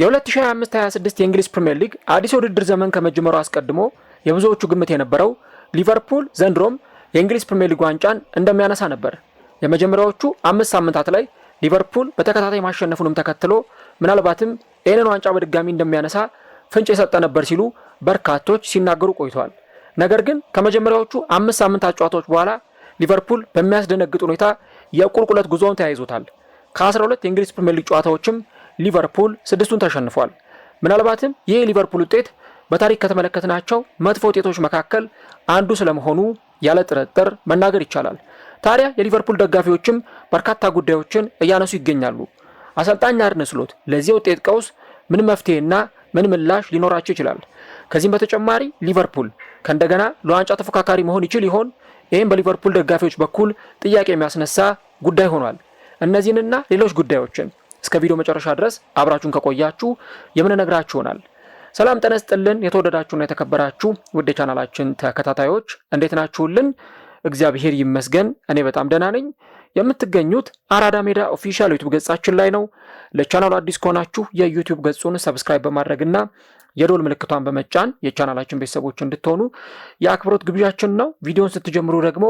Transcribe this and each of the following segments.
የ2025-26 የእንግሊዝ ፕሪምየር ሊግ አዲስ የውድድር ዘመን ከመጀመሩ አስቀድሞ የብዙዎቹ ግምት የነበረው ሊቨርፑል ዘንድሮም የእንግሊዝ ፕሪምየር ሊግ ዋንጫን እንደሚያነሳ ነበር። የመጀመሪያዎቹ አምስት ሳምንታት ላይ ሊቨርፑል በተከታታይ ማሸነፉንም ተከትሎ ምናልባትም ይህንን ዋንጫ በድጋሚ እንደሚያነሳ ፍንጭ የሰጠ ነበር ሲሉ በርካቶች ሲናገሩ ቆይተዋል። ነገር ግን ከመጀመሪያዎቹ አምስት ሳምንታት ጨዋታዎች በኋላ ሊቨርፑል በሚያስደነግጥ ሁኔታ የቁልቁለት ጉዞውን ተያይዞታል። ከ12 የእንግሊዝ ፕሪምየር ሊግ ጨዋታዎችም ሊቨርፑል ስድስቱን ተሸንፏል። ምናልባትም ይህ የሊቨርፑል ውጤት በታሪክ ከተመለከትናቸው መጥፎ ውጤቶች መካከል አንዱ ስለመሆኑ ያለ ጥርጥር መናገር ይቻላል። ታዲያ የሊቨርፑል ደጋፊዎችም በርካታ ጉዳዮችን እያነሱ ይገኛሉ። አሰልጣኝ አርነ ስሎት ለዚህ ውጤት ቀውስ ምን መፍትሄና ምን ምላሽ ሊኖራቸው ይችላል? ከዚህም በተጨማሪ ሊቨርፑል ከእንደገና ለዋንጫ ተፎካካሪ መሆን ይችል ይሆን? ይህም በሊቨርፑል ደጋፊዎች በኩል ጥያቄ የሚያስነሳ ጉዳይ ሆኗል። እነዚህንና ሌሎች ጉዳዮችን እስከ ቪዲዮ መጨረሻ ድረስ አብራችሁን ከቆያችሁ የምንነግራችሁ ይሆናል። ሰላም ጤና ይስጥልን። የተወደዳችሁና የተከበራችሁ ውድ ቻናላችን ተከታታዮች እንዴት ናችሁልን? እግዚአብሔር ይመስገን እኔ በጣም ደህና ነኝ። የምትገኙት አራዳ ሜዳ ኦፊሻል ዩቱብ ገጻችን ላይ ነው። ለቻናሉ አዲስ ከሆናችሁ የዩቱብ ገጹን ሰብስክራይብ በማድረግና የዶል ምልክቷን በመጫን የቻናላችን ቤተሰቦች እንድትሆኑ የአክብሮት ግብዣችን ነው። ቪዲዮን ስትጀምሩ ደግሞ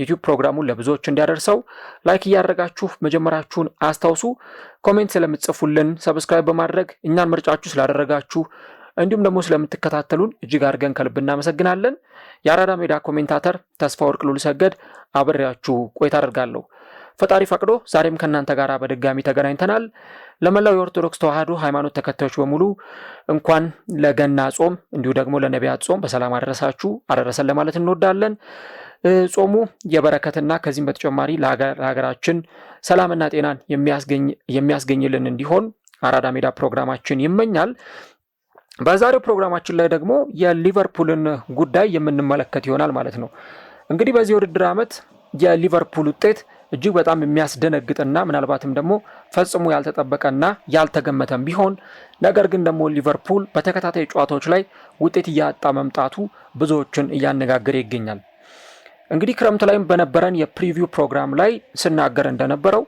ዩቲዩብ ፕሮግራሙን ለብዙዎች እንዲያደርሰው ላይክ እያደረጋችሁ መጀመራችሁን አስታውሱ። ኮሜንት ስለምትጽፉልን፣ ሰብስክራይብ በማድረግ እኛን ምርጫችሁ ስላደረጋችሁ እንዲሁም ደግሞ ስለምትከታተሉን እጅግ አድርገን ከልብ እናመሰግናለን። የአራዳ ሜዳ ኮሜንታተር ተስፋ ወርቅ ሉልሰገድ አብሬያችሁ ቆይታ አደርጋለሁ። ፈጣሪ ፈቅዶ ዛሬም ከእናንተ ጋር በድጋሚ ተገናኝተናል። ለመላው የኦርቶዶክስ ተዋህዶ ሃይማኖት ተከታዮች በሙሉ እንኳን ለገና ጾም እንዲሁ ደግሞ ለነቢያት ጾም በሰላም አደረሳችሁ አደረሰን ለማለት እንወዳለን። ጾሙ የበረከትና ከዚህም በተጨማሪ ለሀገራችን ሰላምና ጤናን የሚያስገኝልን እንዲሆን አራዳ ሜዳ ፕሮግራማችን ይመኛል። በዛሬው ፕሮግራማችን ላይ ደግሞ የሊቨርፑልን ጉዳይ የምንመለከት ይሆናል ማለት ነው። እንግዲህ በዚህ ውድድር ዓመት የሊቨርፑል ውጤት እጅግ በጣም የሚያስደነግጥና ምናልባትም ደግሞ ፈጽሞ ያልተጠበቀና ያልተገመተም ቢሆን ነገር ግን ደግሞ ሊቨርፑል በተከታታይ ጨዋታዎች ላይ ውጤት እያጣ መምጣቱ ብዙዎችን እያነጋገረ ይገኛል። እንግዲህ ክረምት ላይም በነበረን የፕሪቪው ፕሮግራም ላይ ስናገር እንደነበረው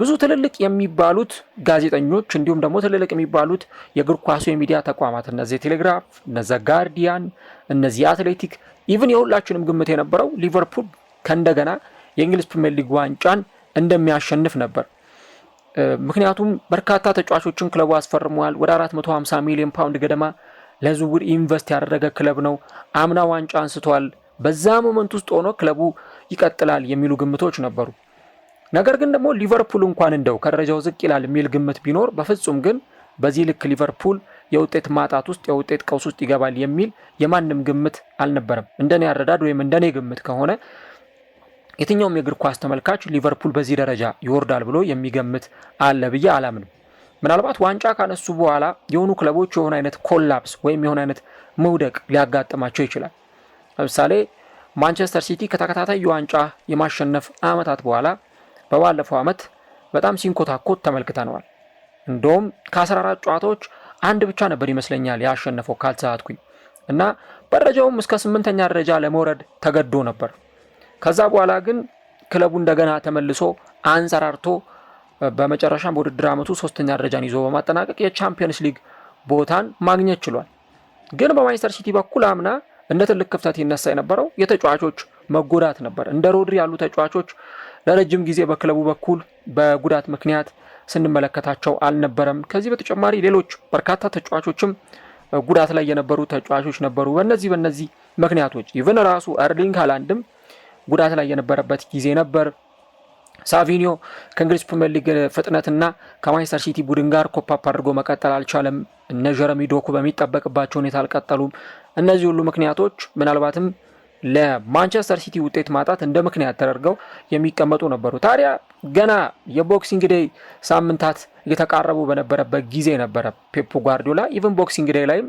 ብዙ ትልልቅ የሚባሉት ጋዜጠኞች እንዲሁም ደግሞ ትልልቅ የሚባሉት የእግር ኳሱ የሚዲያ ተቋማት እነዚህ ቴሌግራፍ፣ እነዚ ጋርዲያን፣ እነዚህ አትሌቲክ ኢቭን የሁላችንም ግምት የነበረው ሊቨርፑል ከእንደገና የእንግሊዝ ፕሪምየር ሊግ ዋንጫን እንደሚያሸንፍ ነበር። ምክንያቱም በርካታ ተጫዋቾችን ክለቡ አስፈርመዋል። ወደ 450 ሚሊዮን ፓውንድ ገደማ ለዝውውር ኢንቨስት ያደረገ ክለብ ነው። አምና ዋንጫ አንስተዋል። በዛ ሞመንት ውስጥ ሆኖ ክለቡ ይቀጥላል የሚሉ ግምቶች ነበሩ። ነገር ግን ደግሞ ሊቨርፑል እንኳን እንደው ከደረጃው ዝቅ ይላል የሚል ግምት ቢኖር፣ በፍጹም ግን በዚህ ልክ ሊቨርፑል የውጤት ማጣት ውስጥ የውጤት ቀውስ ውስጥ ይገባል የሚል የማንም ግምት አልነበረም። እንደኔ አረዳድ ወይም እንደኔ ግምት ከሆነ የትኛውም የእግር ኳስ ተመልካች ሊቨርፑል በዚህ ደረጃ ይወርዳል ብሎ የሚገምት አለ ብዬ አላምንም። ምናልባት ዋንጫ ካነሱ በኋላ የሆኑ ክለቦች የሆነ አይነት ኮላፕስ ወይም የሆነ አይነት መውደቅ ሊያጋጥማቸው ይችላል። ለምሳሌ ማንቸስተር ሲቲ ከተከታታይ የዋንጫ የማሸነፍ ዓመታት በኋላ በባለፈው ዓመት በጣም ሲንኮታኮት ተመልክተነዋል። እንደውም ከ14 ጨዋታዎች አንድ ብቻ ነበር ይመስለኛል ያሸነፈው ካልተሳትኩኝ እና በደረጃውም እስከ ስምንተኛ ደረጃ ለመውረድ ተገዶ ነበር። ከዛ በኋላ ግን ክለቡ እንደገና ተመልሶ አንሰራርቶ በመጨረሻም በውድድር ዓመቱ ሶስተኛ ደረጃን ይዞ በማጠናቀቅ የቻምፒየንስ ሊግ ቦታን ማግኘት ችሏል። ግን በማንቸስተር ሲቲ በኩል አምና እንደ ትልቅ ክፍተት ይነሳ የነበረው የተጫዋቾች መጎዳት ነበር። እንደ ሮድሪ ያሉ ተጫዋቾች ለረጅም ጊዜ በክለቡ በኩል በጉዳት ምክንያት ስንመለከታቸው አልነበረም። ከዚህ በተጨማሪ ሌሎች በርካታ ተጫዋቾችም ጉዳት ላይ የነበሩ ተጫዋቾች ነበሩ። በነዚህ በነዚህ ምክንያቶች ኢቨን ራሱ ኤርሊንግ ሃላንድም ጉዳት ላይ የነበረበት ጊዜ ነበር። ሳቪኒዮ ከእንግሊዝ ፕሪምየር ሊግ ፍጥነትና ከማንቸስተር ሲቲ ቡድን ጋር ኮፓፕ አድርጎ መቀጠል አልቻለም። እነ ጀረሚ ዶኩ በሚጠበቅባቸው ሁኔታ አልቀጠሉም። እነዚህ ሁሉ ምክንያቶች ምናልባትም ለማንቸስተር ሲቲ ውጤት ማጣት እንደ ምክንያት ተደርገው የሚቀመጡ ነበሩ። ታዲያ ገና የቦክሲንግ ዴይ ሳምንታት እየተቃረቡ በነበረበት ጊዜ ነበረ ፔፕ ጓርዲዮላ ኢቨን ቦክሲንግ ዴይ ላይም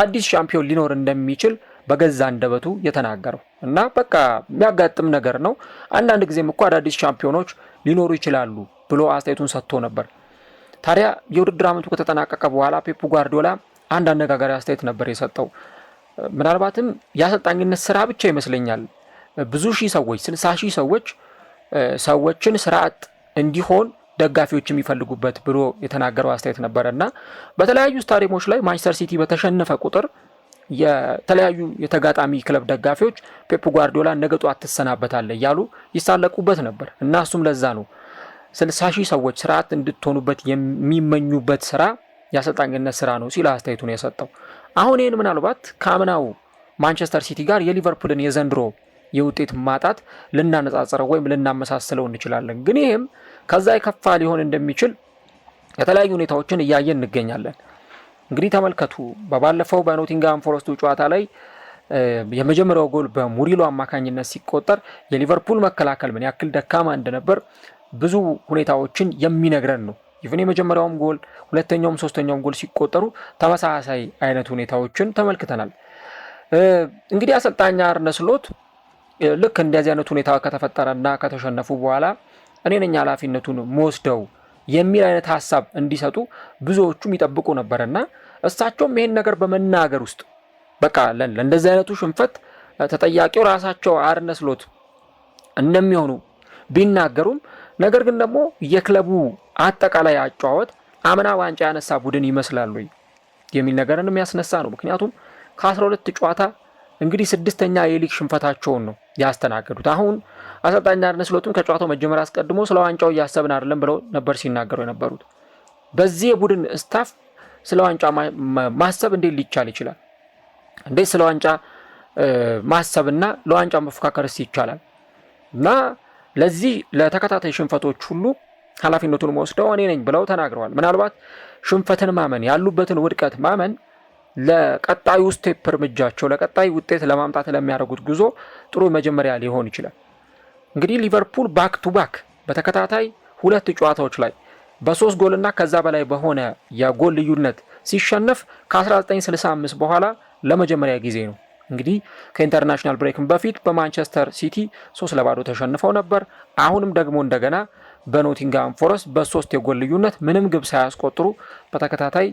አዲስ ሻምፒዮን ሊኖር እንደሚችል በገዛ አንደበቱ የተናገረው እና በቃ የሚያጋጥም ነገር ነው። አንዳንድ ጊዜም እኮ አዳዲስ ሻምፒዮኖች ሊኖሩ ይችላሉ ብሎ አስተያየቱን ሰጥቶ ነበር። ታዲያ የውድድር ዓመቱ ከተጠናቀቀ በኋላ ፔፕ ጓርዲዮላ አንድ አነጋጋሪ አስተያየት ነበር የሰጠው። ምናልባትም የአሰልጣኝነት ስራ ብቻ ይመስለኛል ብዙ ሺህ ሰዎች ስልሳ ሺህ ሰዎች ሰዎችን ስራ አጥ እንዲሆን ደጋፊዎች የሚፈልጉበት ብሎ የተናገረው አስተያየት ነበረ እና በተለያዩ ስታዲየሞች ላይ ማንቸስተር ሲቲ በተሸነፈ ቁጥር የተለያዩ የተጋጣሚ ክለብ ደጋፊዎች ፔፕ ጓርዲዮላ ነገ ጧት ትሰናበታለህ እያሉ ይሳለቁበት ነበር እና እሱም ለዛ ነው ስልሳ ሺህ ሰዎች ስርዓት እንድትሆኑበት የሚመኙበት ስራ የአሰልጣኝነት ስራ ነው ሲል አስተያየቱን የሰጠው። አሁን ይህን ምናልባት ከአምናው ማንቸስተር ሲቲ ጋር የሊቨርፑልን የዘንድሮ የውጤት ማጣት ልናነጻጽረው ወይም ልናመሳስለው እንችላለን። ግን ይህም ከዛ የከፋ ሊሆን እንደሚችል የተለያዩ ሁኔታዎችን እያየን እንገኛለን። እንግዲህ ተመልከቱ በባለፈው በኖቲንግሃም ፎረስቱ ጨዋታ ላይ የመጀመሪያው ጎል በሙሪሎ አማካኝነት ሲቆጠር የሊቨርፑል መከላከል ምን ያክል ደካማ እንደነበር ብዙ ሁኔታዎችን የሚነግረን ነው። ይፍን የመጀመሪያውም ጎል ሁለተኛውም ሶስተኛውም ጎል ሲቆጠሩ ተመሳሳይ አይነት ሁኔታዎችን ተመልክተናል። እንግዲህ አሰልጣኝ አርነ ስሎት ልክ እንደዚህ አይነት ሁኔታ ከተፈጠረና ከተሸነፉ በኋላ እኔ ነኝ ኃላፊነቱን መወስደው የሚል አይነት ሀሳብ እንዲሰጡ ብዙዎቹም ይጠብቁ ነበርና እሳቸውም ይህን ነገር በመናገር ውስጥ በቃ ለእንደዚህ አይነቱ ሽንፈት ተጠያቂው ራሳቸው አርነ ስሎት እንደሚሆኑ ቢናገሩም ነገር ግን ደግሞ የክለቡ አጠቃላይ አጫወት አምና ዋንጫ ያነሳ ቡድን ይመስላሉ የሚል ነገርንም የሚያስነሳ ነው። ምክንያቱም ከ12 ጨዋታ እንግዲህ ስድስተኛ የሊግ ሽንፈታቸውን ነው ያስተናገዱት። አሁን አሰልጣኝ አርነ ስሎትም ከጨዋታው መጀመር አስቀድሞ ስለ ዋንጫው እያሰብን አይደለም ብለው ነበር ሲናገሩ የነበሩት። በዚህ የቡድን ስታፍ ስለ ዋንጫ ማሰብ እንዴት ሊቻል ይችላል? እንዴት ስለ ዋንጫ ማሰብና ለዋንጫ መፎካከርስ ይቻላል? እና ለዚህ ለተከታታይ ሽንፈቶች ሁሉ ኃላፊነቱን ወስደው እኔ ነኝ ብለው ተናግረዋል። ምናልባት ሽንፈትን ማመን ያሉበትን ውድቀት ማመን ለቀጣዩ ስቴፕ እርምጃቸው ለቀጣይ ውጤት ለማምጣት ለሚያደርጉት ጉዞ ጥሩ መጀመሪያ ሊሆን ይችላል። እንግዲህ ሊቨርፑል ባክ ቱ ባክ በተከታታይ ሁለት ጨዋታዎች ላይ በሶስት ጎልና ከዛ በላይ በሆነ የጎል ልዩነት ሲሸነፍ ከ1965 በኋላ ለመጀመሪያ ጊዜ ነው። እንግዲህ ከኢንተርናሽናል ብሬክም በፊት በማንቸስተር ሲቲ ሶስት ለባዶ ተሸንፈው ነበር። አሁንም ደግሞ እንደገና በኖቲንግሃም ፎረስት በሶስት የጎል ልዩነት ምንም ግብ ሳያስቆጥሩ በተከታታይ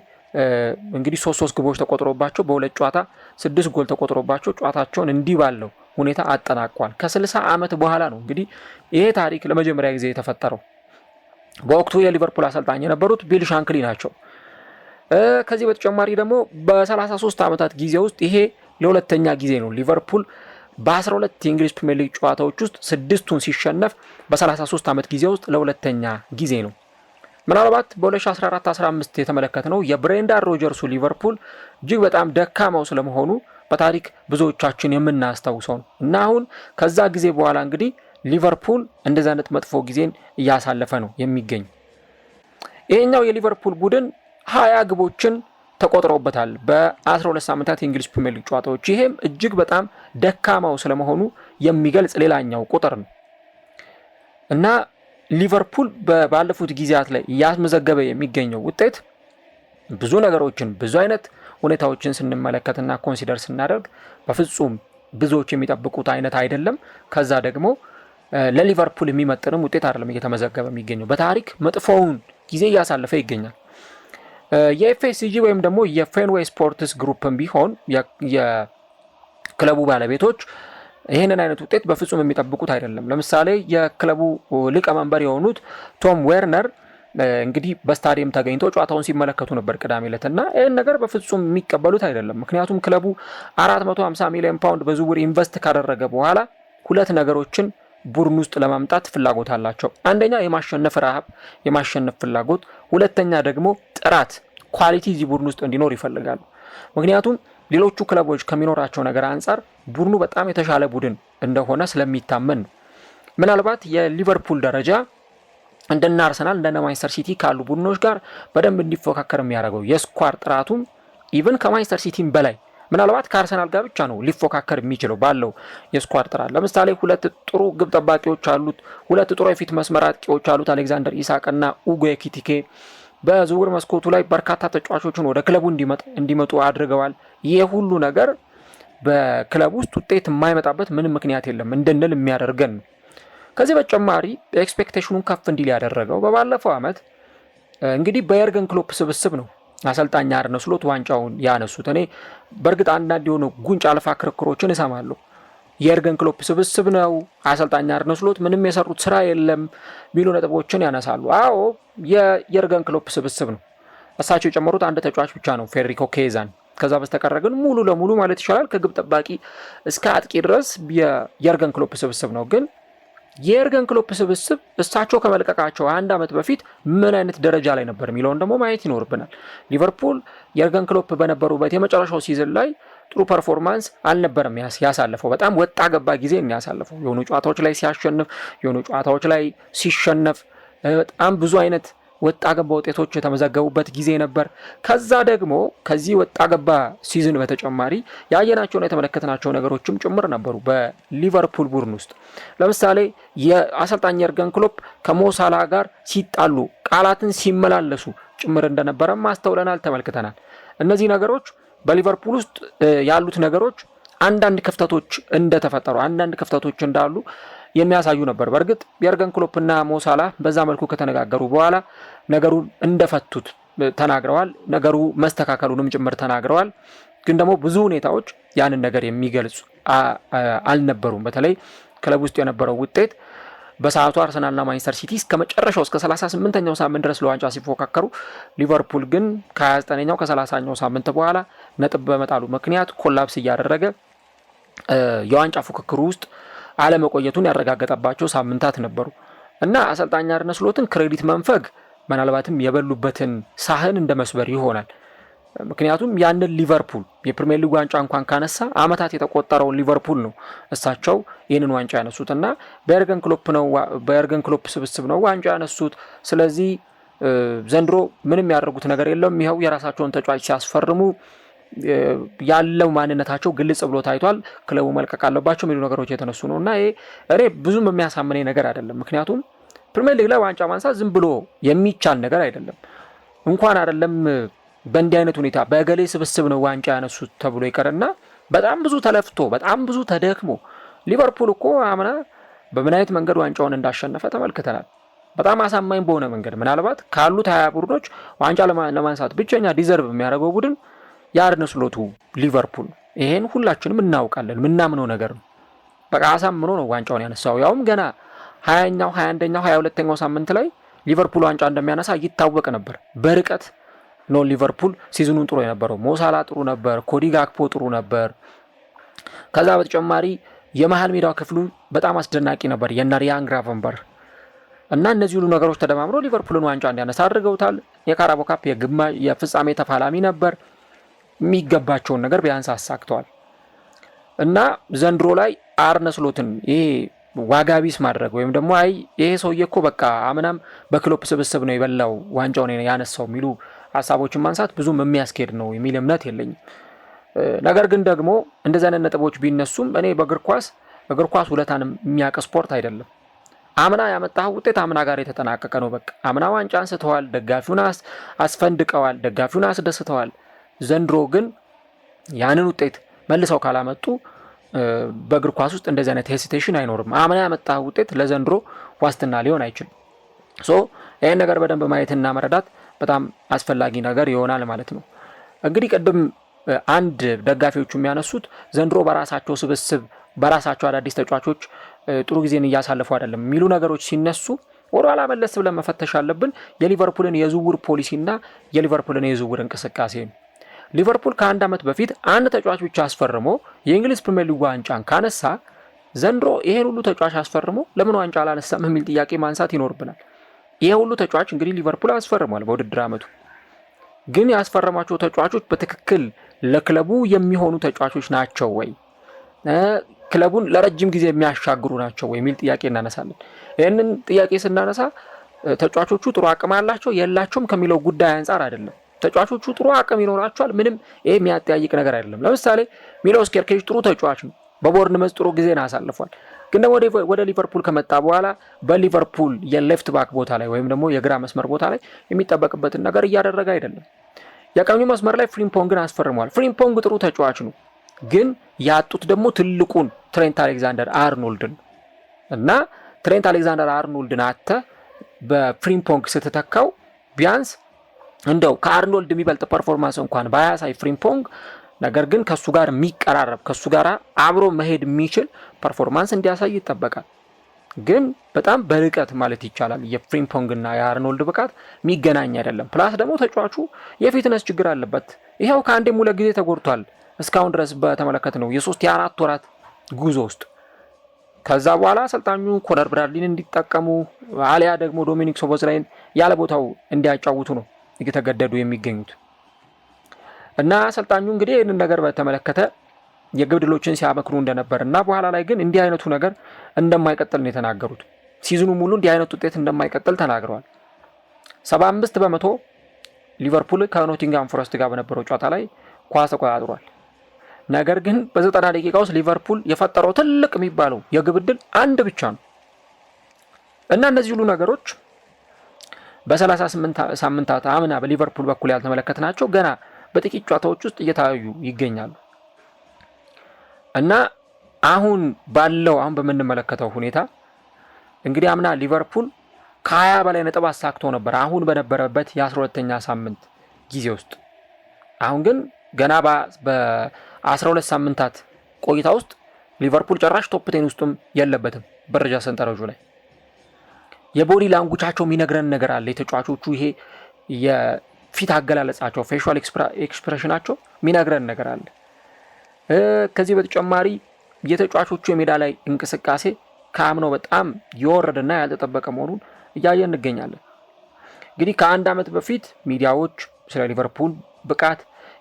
እንግዲህ ሶስት ሶስት ግቦች ተቆጥሮባቸው በሁለት ጨዋታ ስድስት ጎል ተቆጥሮባቸው ጨዋታቸውን እንዲህ ባለው ሁኔታ አጠናቋል። ከስልሳ ዓመት በኋላ ነው እንግዲህ ይሄ ታሪክ ለመጀመሪያ ጊዜ የተፈጠረው። በወቅቱ የሊቨርፑል አሰልጣኝ የነበሩት ቢል ሻንክሊ ናቸው። ከዚህ በተጨማሪ ደግሞ በ33 ዓመታት ጊዜ ውስጥ ይሄ ለሁለተኛ ጊዜ ነው ሊቨርፑል በ12 የእንግሊዝ ፕሪምየር ሊግ ጨዋታዎች ውስጥ ስድስቱን ሲሸነፍ በ33 ዓመት ጊዜ ውስጥ ለሁለተኛ ጊዜ ነው። ምናልባት በ2014-15 የተመለከትነው የብሬንዳን ሮጀርሱ ሊቨርፑል እጅግ በጣም ደካማው ስለመሆኑ በታሪክ ብዙዎቻችን የምናስታውሰው ነው እና አሁን ከዛ ጊዜ በኋላ እንግዲህ ሊቨርፑል እንደዚህ አይነት መጥፎ ጊዜን እያሳለፈ ነው የሚገኝ። ይሄኛው የሊቨርፑል ቡድን ሀያ ግቦችን ተቆጥረውበታል በ12 ሳምንታት የእንግሊዝ ፕሪሚየር ሊግ ጨዋታዎች። ይሄም እጅግ በጣም ደካማው ስለመሆኑ የሚገልጽ ሌላኛው ቁጥር ነው እና ሊቨርፑል ባለፉት ጊዜያት ላይ እያስመዘገበ የሚገኘው ውጤት ብዙ ነገሮችን ብዙ አይነት ሁኔታዎችን ስንመለከትና ኮንሲደር ስናደርግ በፍጹም ብዙዎች የሚጠብቁት አይነት አይደለም። ከዛ ደግሞ ለሊቨርፑል የሚመጥንም ውጤት አይደለም እየተመዘገበ የሚገኘው። በታሪክ መጥፎውን ጊዜ እያሳለፈ ይገኛል። የኤፍኤስጂ ወይም ደግሞ የፌንዌይ ስፖርትስ ግሩፕም ቢሆን የክለቡ ባለቤቶች ይህንን አይነት ውጤት በፍጹም የሚጠብቁት አይደለም። ለምሳሌ የክለቡ ሊቀመንበር የሆኑት ቶም ዌርነር እንግዲህ በስታዲየም ተገኝተው ጨዋታውን ሲመለከቱ ነበር ቅዳሜ ዕለት እና ይህን ነገር በፍጹም የሚቀበሉት አይደለም። ምክንያቱም ክለቡ 450 ሚሊዮን ፓውንድ በዝውውር ኢንቨስት ካደረገ በኋላ ሁለት ነገሮችን ቡድን ውስጥ ለማምጣት ፍላጎት አላቸው። አንደኛ የማሸነፍ ረሃብ፣ የማሸነፍ ፍላጎት፣ ሁለተኛ ደግሞ ጥራት ኳሊቲ እዚህ ቡድን ውስጥ እንዲኖር ይፈልጋሉ። ምክንያቱም ሌሎቹ ክለቦች ከሚኖራቸው ነገር አንጻር ቡድኑ በጣም የተሻለ ቡድን እንደሆነ ስለሚታመን ነው። ምናልባት የሊቨርፑል ደረጃ እንደነ አርሰናል እንደነ ማንቸስተር ሲቲ ካሉ ቡድኖች ጋር በደንብ እንዲፎካከር የሚያደርገው የስኳር ጥራቱም ኢቨን ከማንቸስተር ሲቲም በላይ ምናልባት ከአርሰናል ጋር ብቻ ነው ሊፎካከር የሚችለው ባለው የስኳር ጥራት። ለምሳሌ ሁለት ጥሩ ግብ ጠባቂዎች አሉት፣ ሁለት ጥሩ የፊት መስመር አጥቂዎች አሉት፣ አሌክዛንደር ኢሳቅና ኡጎ ኤኪቲኬ። በዝውውር መስኮቱ ላይ በርካታ ተጫዋቾችን ወደ ክለቡ እንዲመጡ አድርገዋል። ይሄ ሁሉ ነገር በክለብ ውስጥ ውጤት የማይመጣበት ምንም ምክንያት የለም እንድንል የሚያደርገን ነው። ከዚህ በተጨማሪ ኤክስፔክቴሽኑን ከፍ እንዲል ያደረገው በባለፈው ዓመት እንግዲህ በየርገን ክሎፕ ስብስብ ነው አሰልጣኝ አርነ ስሎት ዋንጫውን ያነሱት። እኔ በእርግጥ አንዳንድ የሆነ ጉንጭ አልፋ ክርክሮችን እሰማለሁ። የእርገን ክሎፕ ስብስብ ነው አሰልጣኝ አርነ ስሎት ምንም የሰሩት ስራ የለም የሚሉ ነጥቦችን ያነሳሉ። አዎ የእርገን ክሎፕ ስብስብ ነው። እሳቸው የጨመሩት አንድ ተጫዋች ብቻ ነው ፌሪኮ ኬዛን ከዛ በስተቀረ ግን ሙሉ ለሙሉ ማለት ይቻላል ከግብ ጠባቂ እስከ አጥቂ ድረስ የየርገን ክሎፕ ስብስብ ነው። ግን የየርገን ክሎፕ ስብስብ እሳቸው ከመልቀቃቸው አንድ ዓመት በፊት ምን አይነት ደረጃ ላይ ነበር የሚለውን ደግሞ ማየት ይኖርብናል። ሊቨርፑል የርገን ክሎፕ በነበሩበት የመጨረሻው ሲዝን ላይ ጥሩ ፐርፎርማንስ አልነበረም ያሳለፈው። በጣም ወጣ ገባ ጊዜ የሚያሳልፈው የሆኑ ጨዋታዎች ላይ ሲያሸንፍ፣ የሆኑ ጨዋታዎች ላይ ሲሸነፍ በጣም ብዙ አይነት ወጣ ገባ ውጤቶች የተመዘገቡበት ጊዜ ነበር። ከዛ ደግሞ ከዚህ ወጣ ገባ ሲዝን በተጨማሪ ያየናቸውና የተመለከትናቸው ነገሮችም ጭምር ነበሩ በሊቨርፑል ቡድን ውስጥ። ለምሳሌ የአሰልጣኝ የርገን ክሎፕ ከሞሳላ ጋር ሲጣሉ ቃላትን ሲመላለሱ ጭምር እንደነበረም አስተውለናል፣ ተመልክተናል። እነዚህ ነገሮች በሊቨርፑል ውስጥ ያሉት ነገሮች አንዳንድ ክፍተቶች እንደተፈጠሩ አንዳንድ ክፍተቶች እንዳሉ የሚያሳዩ ነበር። በእርግጥ የርገን ክሎፕና ሞሳላ በዛ መልኩ ከተነጋገሩ በኋላ ነገሩን እንደፈቱት ተናግረዋል። ነገሩ መስተካከሉንም ጭምር ተናግረዋል። ግን ደግሞ ብዙ ሁኔታዎች ያንን ነገር የሚገልጹ አልነበሩም። በተለይ ክለብ ውስጥ የነበረው ውጤት በሰዓቱ አርሰናልና ማንቸስተር ሲቲ እስከ መጨረሻው እስከ 38ኛው ሳምንት ድረስ ለዋንጫ ሲፎካከሩ፣ ሊቨርፑል ግን ከ29ኛው ከ30ኛው ሳምንት በኋላ ነጥብ በመጣሉ ምክንያት ኮላፕስ እያደረገ የዋንጫ ፉክክሩ ውስጥ አለመቆየቱን ያረጋገጠባቸው ሳምንታት ነበሩ እና አሰልጣኝ አርነ ስሎትን ክሬዲት መንፈግ ምናልባትም የበሉበትን ሳህን እንደ መስበር ይሆናል። ምክንያቱም ያንን ሊቨርፑል የፕሪምየር ሊግ ዋንጫ እንኳን ካነሳ አመታት የተቆጠረውን ሊቨርፑል ነው እሳቸው ይህንን ዋንጫ ያነሱት እና በኤርገን ክሎፕ ነው በኤርገን ክሎፕ ስብስብ ነው ዋንጫ ያነሱት። ስለዚህ ዘንድሮ ምንም ያደርጉት ነገር የለም። ይኸው የራሳቸውን ተጫዋች ሲያስፈርሙ ያለው ማንነታቸው ግልጽ ብሎ ታይቷል። ክለቡ መልቀቅ አለባቸው የሚሉ ነገሮች የተነሱ ነው እና እኔ ብዙም የሚያሳምነኝ ነገር አይደለም። ምክንያቱም ፕሪሚየር ሊግ ላይ ዋንጫ ማንሳት ዝም ብሎ የሚቻል ነገር አይደለም። እንኳን አይደለም በእንዲህ አይነት ሁኔታ በእገሌ ስብስብ ነው ዋንጫ ያነሱት ተብሎ ይቀርና በጣም ብዙ ተለፍቶ በጣም ብዙ ተደክሞ ሊቨርፑል እኮ አምና በምን አይነት መንገድ ዋንጫውን እንዳሸነፈ ተመልክተናል። በጣም አሳማኝ በሆነ መንገድ ምናልባት ካሉት ሀያ ቡድኖች ዋንጫ ለማንሳት ብቸኛ ዲዘርቭ የሚያደርገው ቡድን የአርነስሎቱ ሊቨርፑል ይሄን ሁላችንም እናውቃለን፣ ምናምነው ነገር ነው። በቃ አሳምኖ ነው ዋንጫውን ያነሳው። ያውም ገና ሀያኛው ሀያ አንደኛው ሀያ ሁለተኛው ሳምንት ላይ ሊቨርፑል ዋንጫ እንደሚያነሳ ይታወቅ ነበር። በርቀት ነው ሊቨርፑል ሲዝኑን ጥሩ የነበረው። ሞሳላ ጥሩ ነበር፣ ኮዲ ጋክፖ ጥሩ ነበር። ከዛ በተጨማሪ የመሀል ሜዳው ክፍሉ በጣም አስደናቂ ነበር የነ ሪያን እና እነዚህ ሁሉ ነገሮች ተደማምሮ ሊቨርፑልን ዋንጫ እንዲያነሳ አድርገውታል። የካራቦ ካፕ የግማሽ የፍጻሜ ተፋላሚ ነበር። የሚገባቸውን ነገር ቢያንስ አሳክተዋል እና ዘንድሮ ላይ አርነ ስሎትን ይሄ ዋጋ ቢስ ማድረግ ወይም ደግሞ አይ ይሄ ሰውዬ እኮ በቃ አምናም በክሎፕ ስብስብ ነው የበላው ዋንጫውን ያነሳው የሚሉ ሀሳቦችን ማንሳት ብዙም የሚያስኬድ ነው የሚል እምነት የለኝም። ነገር ግን ደግሞ እንደዚህ አይነት ነጥቦች ቢነሱም እኔ በእግር ኳስ እግር ኳስ ውለታን የሚያውቅ ስፖርት አይደለም። አምና ያመጣኸው ውጤት አምና ጋር የተጠናቀቀ ነው። በቃ አምና ዋንጫ አንስተዋል፣ ደጋፊውን አስፈንድቀዋል፣ ደጋፊውን አስደስተዋል። ዘንድሮ ግን ያንን ውጤት መልሰው ካላመጡ በእግር ኳስ ውስጥ እንደዚህ አይነት ሄሲቴሽን አይኖርም። አምና ያመጣ ውጤት ለዘንድሮ ዋስትና ሊሆን አይችልም። ሶ ይህን ነገር በደንብ ማየትና መረዳት በጣም አስፈላጊ ነገር ይሆናል ማለት ነው። እንግዲህ ቅድም አንድ ደጋፊዎቹ የሚያነሱት ዘንድሮ በራሳቸው ስብስብ በራሳቸው አዳዲስ ተጫዋቾች ጥሩ ጊዜን እያሳለፉ አይደለም የሚሉ ነገሮች ሲነሱ ወደኋላ መለስ ብለን መፈተሽ አለብን። የሊቨርፑልን የዝውውር ፖሊሲና የሊቨርፑልን የዝውውር እንቅስቃሴ ነው። ሊቨርፑል ከአንድ ዓመት በፊት አንድ ተጫዋች ብቻ አስፈርሞ የእንግሊዝ ፕሪምየር ሊግ ዋንጫን ካነሳ ዘንድሮ ይሄን ሁሉ ተጫዋች አስፈርሞ ለምን ዋንጫ አላነሳም የሚል ጥያቄ ማንሳት ይኖርብናል። ይሄ ሁሉ ተጫዋች እንግዲህ ሊቨርፑል አስፈርሟል በውድድር ዓመቱ ግን ያስፈረማቸው ተጫዋቾች በትክክል ለክለቡ የሚሆኑ ተጫዋቾች ናቸው ወይ፣ ክለቡን ለረጅም ጊዜ የሚያሻግሩ ናቸው ወይ የሚል ጥያቄ እናነሳለን። ይህንን ጥያቄ ስናነሳ ተጫዋቾቹ ጥሩ አቅም አላቸው የላቸውም ከሚለው ጉዳይ አንጻር አይደለም። ተጫዋቾቹ ጥሩ አቅም ይኖራቸዋል። ምንም ይሄ የሚያጠያይቅ ነገር አይደለም። ለምሳሌ ሚሎስ ኬርኬጅ ጥሩ ተጫዋች ነው። በቦርንመዝ ጥሩ ጊዜን አሳልፏል። ግን ደግሞ ወደ ሊቨርፑል ከመጣ በኋላ በሊቨርፑል የሌፍት ባክ ቦታ ላይ ወይም ደግሞ የግራ መስመር ቦታ ላይ የሚጠበቅበትን ነገር እያደረገ አይደለም። የቀኙ መስመር ላይ ፍሪምፖንግን አስፈርሟል። ፍሪምፖንግ ጥሩ ተጫዋች ነው። ግን ያጡት ደግሞ ትልቁን ትሬንት አሌክዛንደር አርኖልድን እና ትሬንት አሌክዛንደር አርኖልድን አተ በፍሪምፖንግ ስትተካው ቢያንስ እንደው ከአርኖልድ የሚበልጥ ፐርፎርማንስ እንኳን ባያሳይ ፍሪምፖንግ ነገር ግን ከእሱ ጋር የሚቀራረብ ከእሱ ጋር አብሮ መሄድ የሚችል ፐርፎርማንስ እንዲያሳይ ይጠበቃል። ግን በጣም በርቀት ማለት ይቻላል የፍሪምፖንግና የአርኖልድ ብቃት የሚገናኝ አይደለም። ፕላስ ደግሞ ተጫዋቹ የፊትነስ ችግር አለበት። ይኸው ከአንድ ሙለ ጊዜ ተጎድቷል። እስካሁን ድረስ በተመለከት ነው የሶስት የአራት ወራት ጉዞ ውስጥ ከዛ በኋላ አሰልጣኙ ኮነር ብራድሊን እንዲጠቀሙ አሊያ ደግሞ ዶሚኒክ ሶቦስላይን ያለ ቦታው እንዲያጫውቱ ነው እየተገደዱ የሚገኙት እና አሰልጣኙ እንግዲህ ይህንን ነገር በተመለከተ የግብድሎችን ሲያመክሩ እንደነበር እና በኋላ ላይ ግን እንዲህ አይነቱ ነገር እንደማይቀጥል ነው የተናገሩት። ሲዝኑ ሙሉ እንዲህ አይነት ውጤት እንደማይቀጥል ተናግረዋል። አምስት በመቶ ሊቨርፑል ከኖቲንጋም ፎረስት ጋር በነበረው ጨዋታ ላይ ኳስ ተቆጣጥሯል። ነገር ግን በዘጠና ደቂቃ ውስጥ ሊቨርፑል የፈጠረው ትልቅ የሚባለው የግብድል አንድ ብቻ ነው እና እነዚህ ሁሉ ነገሮች በ38 ሳምንታት አምና በሊቨርፑል በኩል ያልተመለከት ናቸው ገና በጥቂት ጨዋታዎች ውስጥ እየታዩ ይገኛሉ እና አሁን ባለው አሁን በምንመለከተው ሁኔታ እንግዲህ አምና ሊቨርፑል ከሀያ በላይ ነጥብ አሳክቶ ነበር አሁን በነበረበት የ12ተኛ ሳምንት ጊዜ ውስጥ አሁን ግን ገና በ12 ሳምንታት ቆይታ ውስጥ ሊቨርፑል ጨራሽ ቶፕቴን ውስጥም የለበትም በደረጃ ሰንጠረዡ ላይ የቦዲ ላንጉቻቸው የሚነግረን ነገር አለ። የተጫዋቾቹ ይሄ የፊት አገላለጻቸው ፌሻል ኤክስፕሬሽናቸው የሚነግረን ነገር አለ። ከዚህ በተጨማሪ የተጫዋቾቹ የሜዳ ላይ እንቅስቃሴ ከአምነው በጣም የወረደና ያልተጠበቀ መሆኑን እያየን እንገኛለን። እንግዲህ ከአንድ ዓመት በፊት ሚዲያዎች ስለ ሊቨርፑል ብቃት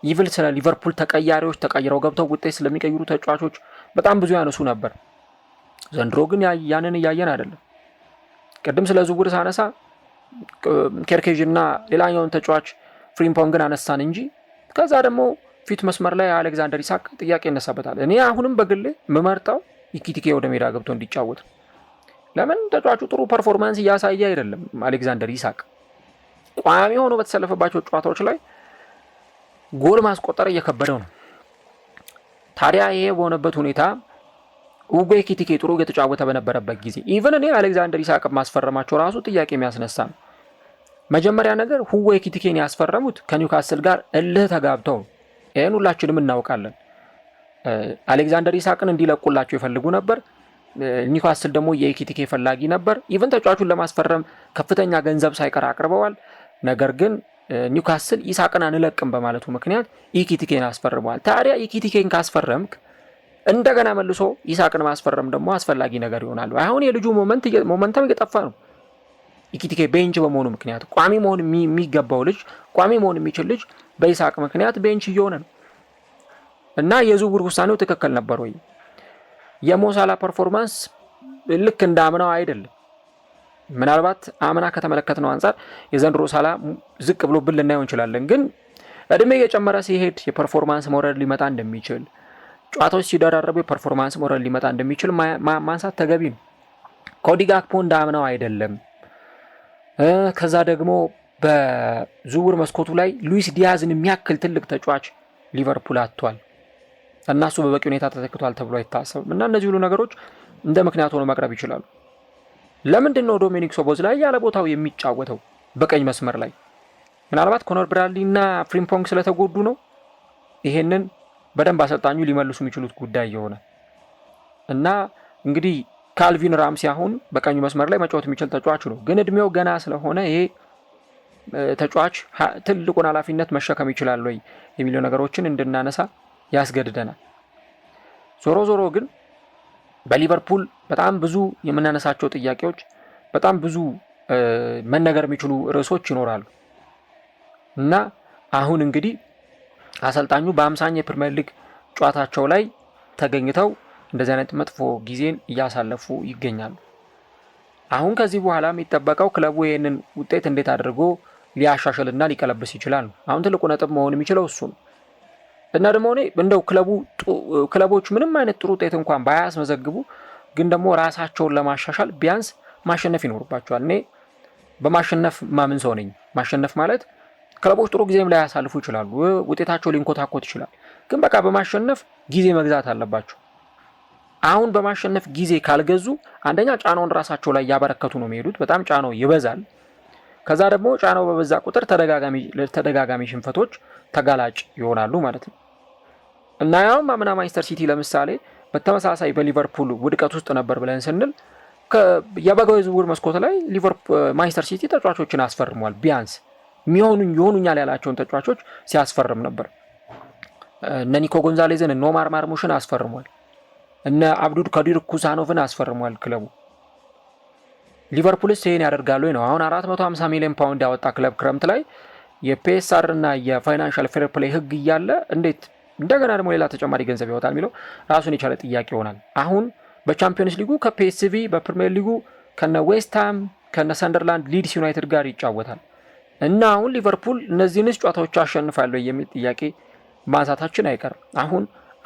ይብል ስለ ሊቨርፑል ተቀያሪዎች ተቀይረው ገብተው ውጤት ስለሚቀይሩ ተጫዋቾች በጣም ብዙ ያነሱ ነበር። ዘንድሮ ግን ያንን እያየን አይደለም። ቅድም ስለ ዝውውር ሳነሳ ኬርኬዥ እና ሌላኛውን ተጫዋች ፍሪምፖንግን አነሳን እንጂ ከዛ ደግሞ ፊት መስመር ላይ አሌክዛንደር ኢሳቅ ጥያቄ ይነሳበታል። እኔ አሁንም በግሌ የምመርጠው ኢኪቲኬ ወደ ሜዳ ገብቶ እንዲጫወት። ለምን ተጫዋቹ ጥሩ ፐርፎርማንስ እያሳየ አይደለም። አሌክዛንደር ኢሳቅ ቋሚ ሆኖ በተሰለፈባቸው ጨዋታዎች ላይ ጎል ማስቆጠር እየከበደው ነው። ታዲያ ይሄ በሆነበት ሁኔታ ኡጎ ኤኪቲኬ ጥሩ እየተጫወተ በነበረበት ጊዜ ኢቨን እኔ አሌክዛንደር ኢሳቅ ማስፈረማቸው ራሱ ጥያቄ የሚያስነሳ ነው። መጀመሪያ ነገር ሁጎ ኤኪቲኬን ያስፈረሙት ከኒውካስል ጋር እልህ ተጋብተው ይህን ሁላችንም እናውቃለን። አሌክዛንደር ኢሳቅን እንዲለቁላቸው ይፈልጉ ነበር። ኒውካስል ደግሞ የኤኪቲኬ ፈላጊ ነበር። ኢቨን ተጫዋቹን ለማስፈረም ከፍተኛ ገንዘብ ሳይቀር አቅርበዋል። ነገር ግን ኒውካስል ኢሳቅን አንለቅም በማለቱ ምክንያት ኢኪቲኬን አስፈርመዋል። ታዲያ ኢኪቲኬን ካስፈረምክ እንደገና መልሶ ይስሐቅን ማስፈረም ደግሞ አስፈላጊ ነገር ይሆናል። አሁን የልጁ ሞመንተም እየጠፋ ነው። ኢኪቲኬ ቤንች በመሆኑ ምክንያት ቋሚ መሆን የሚገባው ልጅ ቋሚ መሆን የሚችል ልጅ በይስሐቅ ምክንያት ቤንች እየሆነ ነው እና የዝውውር ውሳኔው ትክክል ነበር ወይ? የሞሳላ ፐርፎርማንስ ልክ እንደ አምናው አይደለም። ምናልባት አምና ከተመለከትነው አንጻር የዘንድሮ ሳላ ዝቅ ብሎ ብን ልናየው እንችላለን። ግን እድሜ እየጨመረ ሲሄድ የፐርፎርማንስ መውረድ ሊመጣ እንደሚችል ጨዋታዎች ሲደራረቡ የፐርፎርማንስ ሞረል ሊመጣ እንደሚችል ማንሳት ተገቢ ነው። ኮዲ ጋክፖ እንዳምነው አይደለም። ከዛ ደግሞ በዝውውር መስኮቱ ላይ ሉዊስ ዲያዝን የሚያክል ትልቅ ተጫዋች ሊቨርፑል አጥቷል እናሱ በበቂ ሁኔታ ተተክቷል ተብሎ አይታሰብም እና እነዚህ ሁሉ ነገሮች እንደ ምክንያት ሆኖ ማቅረብ ይችላሉ። ለምንድን ነው ዶሚኒክ ሶቦዝ ላይ ያለ ቦታው የሚጫወተው በቀኝ መስመር ላይ? ምናልባት ኮኖር ብራድሊ እና ፍሪምፖንግ ስለተጎዱ ነው ይሄንን በደንብ አሰልጣኙ ሊመልሱ የሚችሉት ጉዳይ የሆነ እና እንግዲህ ካልቪን ራምሲ አሁን በቀኙ መስመር ላይ መጫወት የሚችል ተጫዋች ነው፣ ግን እድሜው ገና ስለሆነ ይሄ ተጫዋች ትልቁን ኃላፊነት መሸከም ይችላል ወይ የሚለው ነገሮችን እንድናነሳ ያስገድደናል። ዞሮ ዞሮ ግን በሊቨርፑል በጣም ብዙ የምናነሳቸው ጥያቄዎች፣ በጣም ብዙ መነገር የሚችሉ ርዕሶች ይኖራሉ እና አሁን እንግዲህ አሰልጣኙ በአምሳኛ የፕሪምየር ሊግ ጨዋታቸው ላይ ተገኝተው እንደዚህ አይነት መጥፎ ጊዜን እያሳለፉ ይገኛሉ። አሁን ከዚህ በኋላ የሚጠበቀው ክለቡ ይህንን ውጤት እንዴት አድርጎ ሊያሻሽልና ሊቀለብስ ይችላል። አሁን ትልቁ ነጥብ መሆን የሚችለው እሱ ነው እና ደግሞ እኔ እንደው ክለቦች ምንም አይነት ጥሩ ውጤት እንኳን ባያስመዘግቡ ግን ደግሞ ራሳቸውን ለማሻሻል ቢያንስ ማሸነፍ ይኖርባቸዋል። እኔ በማሸነፍ ማምን ሰው ነኝ። ማሸነፍ ማለት ክለቦች ጥሩ ጊዜም ላይ ያሳልፉ ይችላሉ። ውጤታቸው ሊንኮታኮት ይችላል። ግን በቃ በማሸነፍ ጊዜ መግዛት አለባቸው። አሁን በማሸነፍ ጊዜ ካልገዙ አንደኛ ጫናውን ራሳቸው ላይ ያበረከቱ ነው የሚሄዱት። በጣም ጫናው ይበዛል። ከዛ ደግሞ ጫናው በበዛ ቁጥር ተደጋጋሚ ሽንፈቶች ተጋላጭ ይሆናሉ ማለት ነው እና ያውም አምና ማንቸስተር ሲቲ ለምሳሌ በተመሳሳይ በሊቨርፑል ውድቀት ውስጥ ነበር ብለን ስንል የበጋው የዝውውር መስኮት ላይ ማንቸስተር ሲቲ ተጫዋቾችን አስፈርሟል ቢያንስ የሚሆኑ ይሆኑኛል ያላቸውን ተጫዋቾች ሲያስፈርም ነበር። እነ ኒኮ ጎንዛሌዝን እነ ኦማር ማርሙሽን አስፈርሟል። እነ አብዱል ከዲር ኩሳኖቭን አስፈርሟል ክለቡ። ሊቨርፑልስ ይህን ያደርጋሉ ነው? አሁን 450 ሚሊዮን ፓውንድ ያወጣ ክለብ ክረምት ላይ የፒኤስአር እና የፋይናንሻል ፌር ፕሌይ ህግ እያለ እንዴት እንደገና ደግሞ ሌላ ተጨማሪ ገንዘብ ይወጣል የሚለው ራሱን የቻለ ጥያቄ ይሆናል። አሁን በቻምፒዮንስ ሊጉ ከፒኤስቪ በፕሪሚየር ሊጉ ከነ ዌስትሃም ከነ ሰንደርላንድ ሊድስ ዩናይትድ ጋር ይጫወታል። እና አሁን ሊቨርፑል እነዚህንስ ጨዋታዎች አሸንፋለ የሚል ጥያቄ ማንሳታችን አይቀርም። አሁን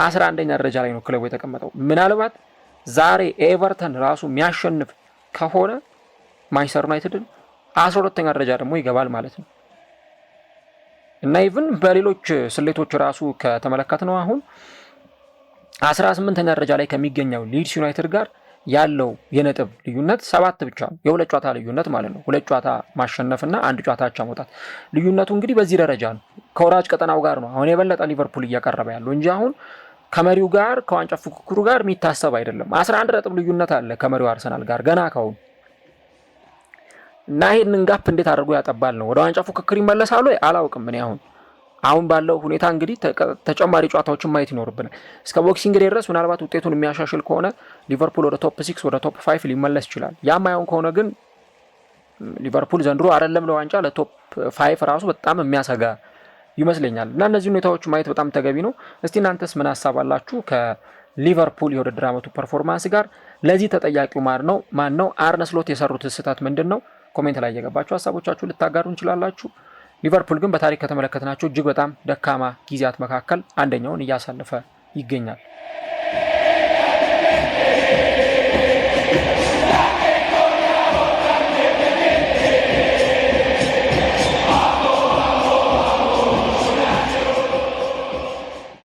አስራ አንደኛ ደረጃ ላይ ነው ክለቡ የተቀመጠው። ምናልባት ዛሬ ኤቨርተን ራሱ የሚያሸንፍ ከሆነ ማንቸስተር ዩናይትድን አስራ ሁለተኛ ደረጃ ደግሞ ይገባል ማለት ነው እና ኢቭን በሌሎች ስሌቶች ራሱ ከተመለከት ነው አሁን አስራ ስምንተኛ ደረጃ ላይ ከሚገኘው ሊድስ ዩናይትድ ጋር ያለው የነጥብ ልዩነት ሰባት ብቻ ነው። የሁለት ጨዋታ ልዩነት ማለት ነው። ሁለት ጨዋታ ማሸነፍና አንድ ጨዋታ አቻ መውጣት። ልዩነቱ እንግዲህ በዚህ ደረጃ ነው። ከወራጅ ቀጠናው ጋር ነው አሁን የበለጠ ሊቨርፑል እያቀረበ ያለው እንጂ አሁን ከመሪው ጋር ከዋንጫ ፉክክሩ ጋር የሚታሰብ አይደለም። አስራ አንድ ነጥብ ልዩነት አለ ከመሪው አርሰናል ጋር ገና ካሁን እና ይሄንን ጋፕ እንዴት አድርጎ ያጠባል ነው ወደ ዋንጫ ፉክክር ይመለሳሉ አላውቅም እኔ አሁን አሁን ባለው ሁኔታ እንግዲህ ተጨማሪ ጨዋታዎችን ማየት ይኖርብናል። እስከ ቦክሲንግ ዴይ ድረስ ምናልባት ውጤቱን የሚያሻሽል ከሆነ ሊቨርፑል ወደ ቶፕ ሲክስ ወደ ቶፕ ፋይፍ ሊመለስ ይችላል። ያም አይሆን ከሆነ ግን ሊቨርፑል ዘንድሮ አይደለም ለዋንጫ ለቶፕ ፋይፍ ራሱ በጣም የሚያሰጋ ይመስለኛል እና እነዚህ ሁኔታዎች ማየት በጣም ተገቢ ነው። እስቲ እናንተስ ምን ሀሳብ አላችሁ ከሊቨርፑል የውድድር አመቱ ፐርፎርማንስ ጋር? ለዚህ ተጠያቂው ማን ነው ማን ነው? አርነ ስሎት የሰሩት ስህተት ምንድን ነው? ኮሜንት ላይ እየገባችሁ ሀሳቦቻችሁ ልታጋሩ እንችላላችሁ። ሊቨርፑል ግን በታሪክ ከተመለከትናቸው እጅግ በጣም ደካማ ጊዜያት መካከል አንደኛውን እያሳለፈ ይገኛል።